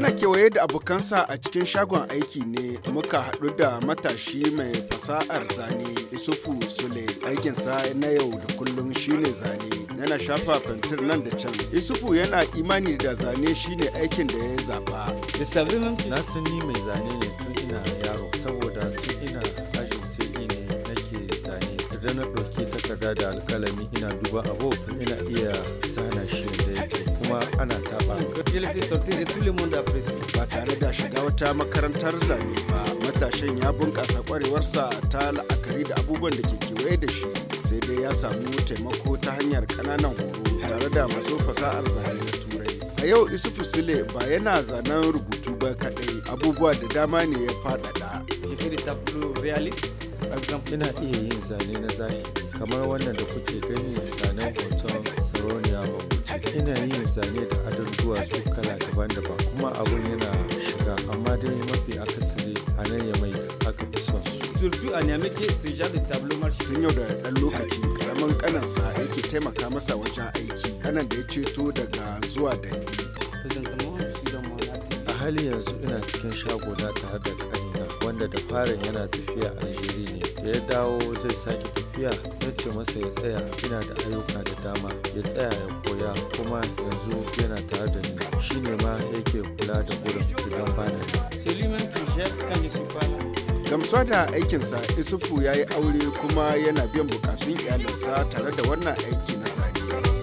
yana kewaye da abokansa a cikin shagon aiki ne muka haɗu da matashi mai fasa'ar zane isufu sule aikinsa na yau da kullum shine zane yana shafa fantir nan da can isufu yana imani da zane shine aikin da ya zaba na sani mai zane ne tun ina yaro saboda tun ina ajin sai e ne nake zane da na ɗauki takarda da alkalami ina duba abu ina iya sana shi da yake kuma ana taɓa Jellyfish Sauti da Ba tare da shiga wata makarantar zane ba, matashin ya bunƙasa kwarewarsa ta la'akari da abubuwan da ke kewaye da shi, sai dai ya samu taimako ta hanyar ƙananan horo tare da masu fasahar zane na Turai. A yau Isufu Sule ba yana zanen rubutu ba kaɗai, abubuwa da dama ne ya faɗaɗa. Ina iya yin zane na zahiri kamar wannan da kuke gani su kala daban-daban kuma abun yana shiga amma dai mafi akasari a nan ya mai aka fi son su. Surtu a Nyamake su ja da tablo marshi. Tun yau da ɗan lokaci karamin kanansa yake taimaka masa wajen aiki kanan da ya ceto daga zuwa da ni. A hali yanzu ina cikin shago na tare da ƙanina wanda da farin yana tafiya a jiri ne da ya dawo zai sake tafiya ya ce masa ya tsaya ina da ayyuka da dama ya tsaya ya koya kuma yanzu yana tare da ni shine ma yake kula da gurin idan ba na gamsuwa da aikinsa isufu ya yi aure kuma yana biyan bukatun iyalinsa tare da wannan aiki na zaniya